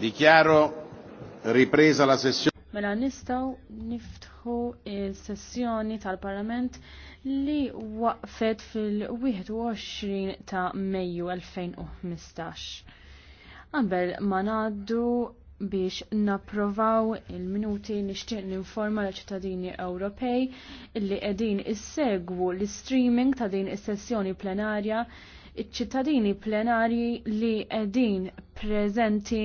Dichiaro ripresa la sessione. Mela nistaw niftħu il-sessjoni tal-Parlament li waqfet fil-21 ta' Mejju 2015. Qabel ma ngħaddu biex napprovaw il-minuti nixtieq ninforma l-ċittadini Ewropej li qegħdin issegwu l-streaming ta' din is-sessjoni plenarja iċ-ċittadini plenarji li qegħdin preżenti